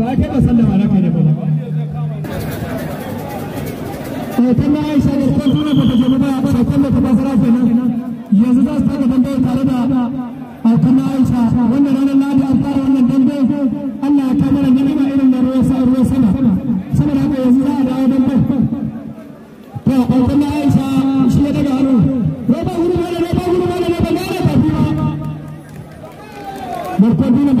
ba kai na kai ne ba to da Aisha ne ko tuna ba ta ba da ta fasara kenan yanzu za su tare da akan Aisha wannan ranar Ladi an fara wannan dambe Allah ya kawo mana irin da ruwan sa ruwan sama haka yanzu za a dawo dambe to Aisha shi ya daga hannu roba gudu roba gudu ne tafi ba dina ba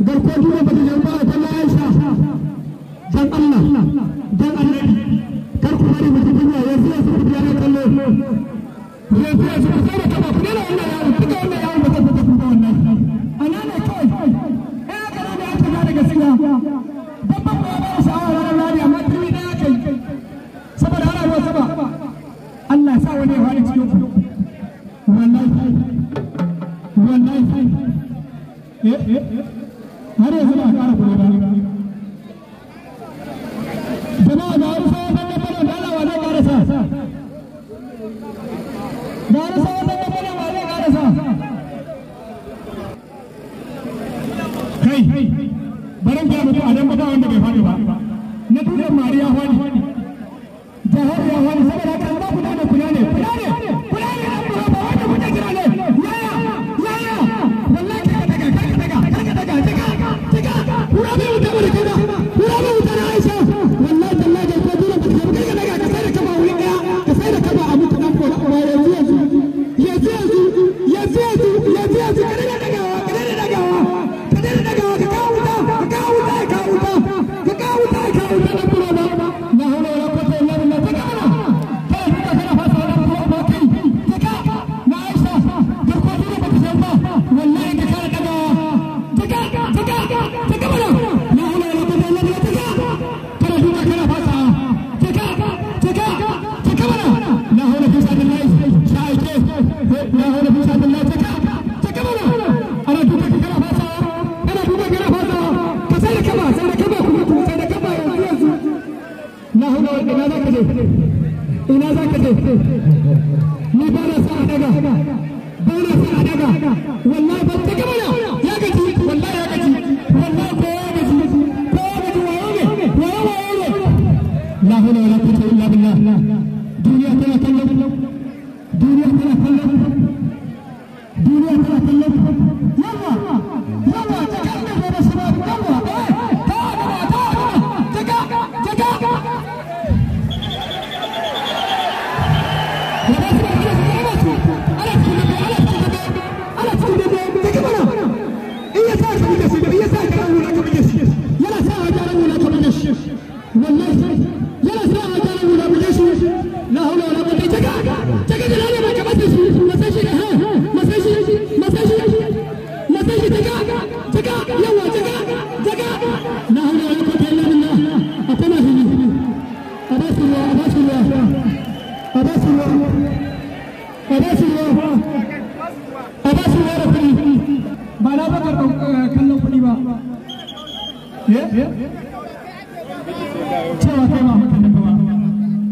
garko duro ba ta jarba da aisha dan Allah dan annabi kar ku bari mu tafi ya yanzu ya fita kallo eh aka ga daga siya babban ba ba sha'awa ran rani Allah wanda bai faɗi ba ina za ka je ni a daga ba na a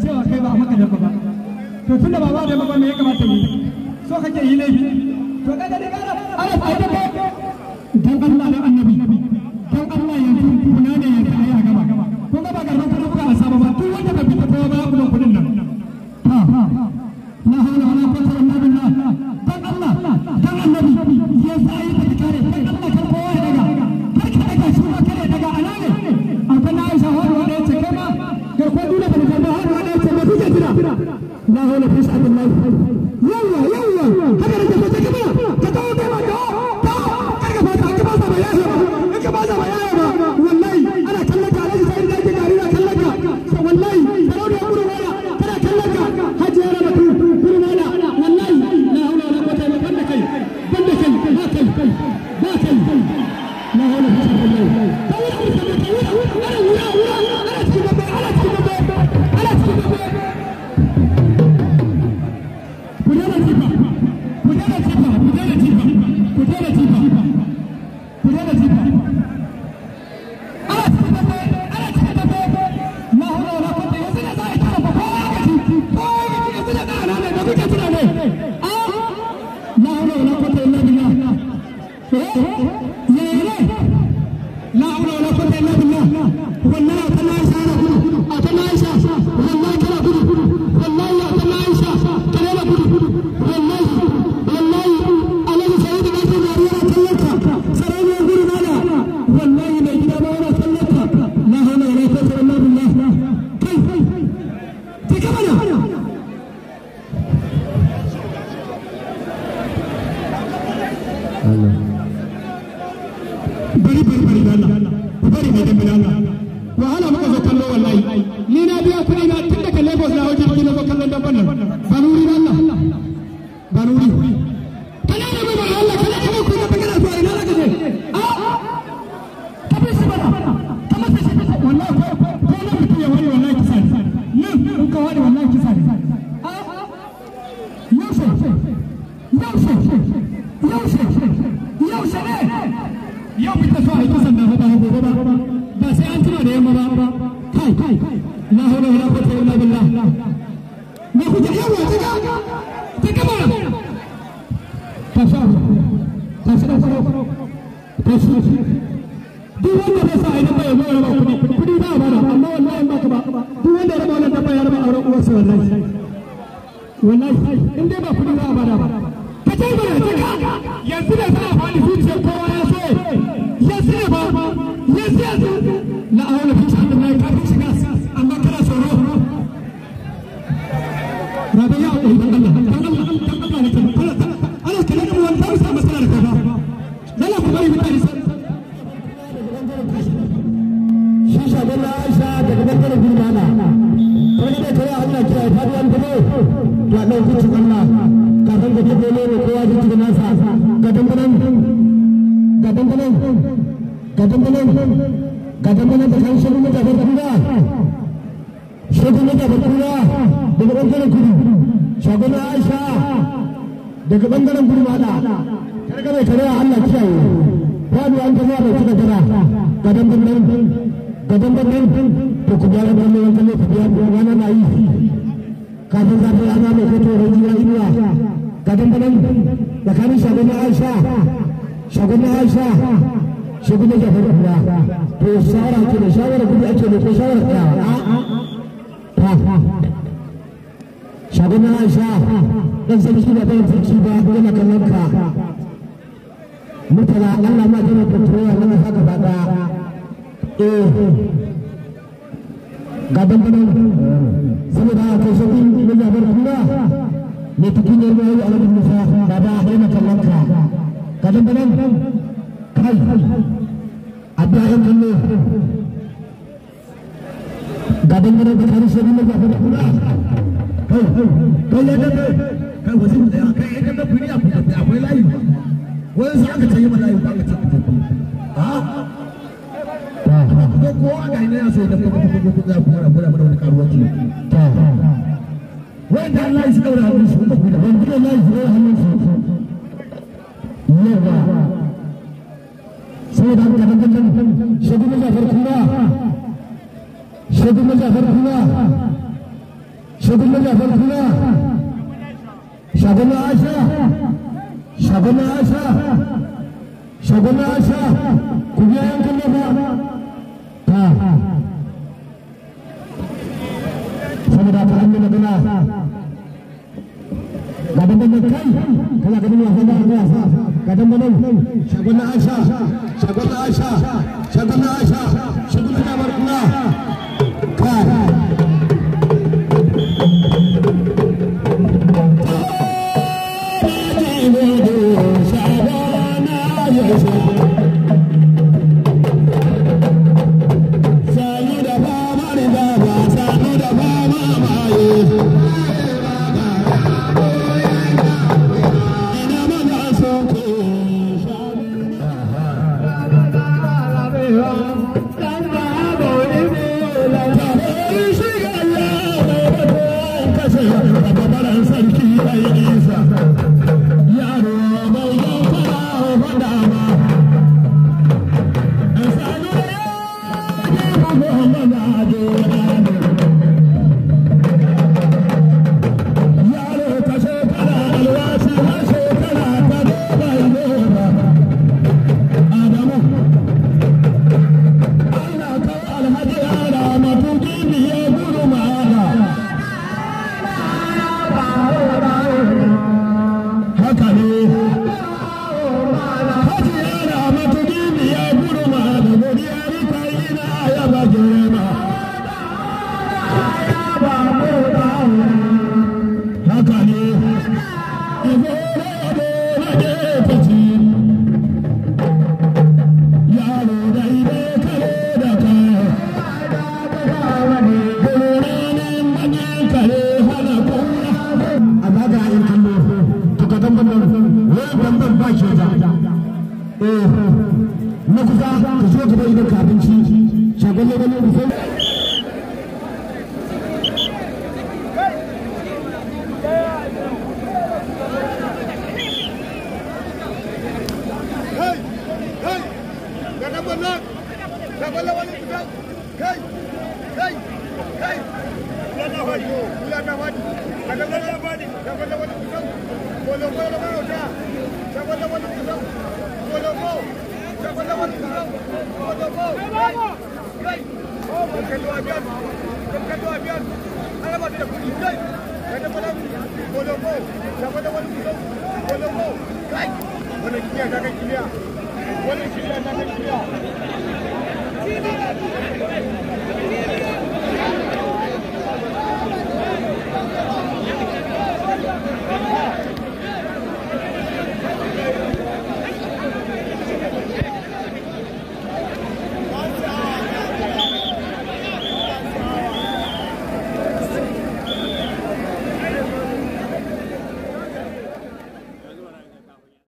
cewa kai ba maka daga ba cewa kai ba maka daga ba to tunda ba ba daga ba me ya kamata mu so kake yi laifi to kaga dai kana ana fata ba dan Allah dan annabi dan Allah ya kuna ne ya kai ya gaba ko ga ba garban kana buga asaba ba duk wanda bai fita ba ba kudin nan ha ha 탈락이라고 والله يا عيسى ترى لا wallahi ni na biya kuɗi na tun daga Lagos na hau jirgi na kallon ba Allah kana da mai Allah kana ku na kana ina daga a ka bi shi bana ka masa shi wallahi ko na mutum ya wani wallahi kisa ne nan in ka wani wallahi kisa ne a yaushe yaushe yaushe yaushe ne yau a yi da ba ba ba sai an tuna da yamma ba kai la hawla wala quwwata illa billah bai yawa ba kudi kudi ba zuciyar kowa Aisha Bello Aisha daga bangaren Gurmana. Wani ne kawai Allah ke ya faɗi wani kuma ya ɗauki cikin Allah. Kafin ka ta gole ne kowa ji cikin nasa. Ga dangunan, ga dangunan, ga dangunan, ga dangunan da kan shirin mutane kuma. Shirin mutane kuma daga bangaren kudu. Shagon Aisha daga bangaren Gurmana. Karkare kare Allah kiyaye. Faɗi wani kuma ya ɗauki da gara. Ga gaban babban to ku gyara wannan wanda ne ku biya kafin zafin rana mai kai tsoron jira inuwa gaban babban tsakanin shagon aisha shagon aisha shagon na jafar kura to shawara ke da shawara gudu ake ko shawara tsayawa shagon aisha dan sani shi ba ta yin sarki ba yana kallon ka mutala गादन गादन समुदाय के सभी मिलकर बढ़ूंगा नेतृत्व निर्णय अलग निशा बाबा हरि में चलन का गादन गादन खाई अभ्यास करने गादन गादन बचाने से भी मिलकर बढ़ूंगा कोई लेते हैं कोई वजह नहीं है कोई एक ना पीड़िया पूछते हैं आप लाइव वो इंसान के चाहिए मलाई उठाने चाहिए हाँ ko kowa ga ina so da kuma kuma kuma da fara fara fara wani karuwanci to wanda Allah ya shi kaura hannun su da kuma wanda Allah ya shi kaura hannun su yawa sai da ka dan dan shi kuma zafar kuma shi kuma zafar kuma shi kuma zafar kuma shagona asha shagona asha shagona asha Shabut na Aisha! Shabut Aisha! kusa ku zo ku bai maka abinci shagon lagwalo ku sai Hey! Hey! Hey! Hey! Wannan kimiyya ta kai kimiyya. Wannan kimiyya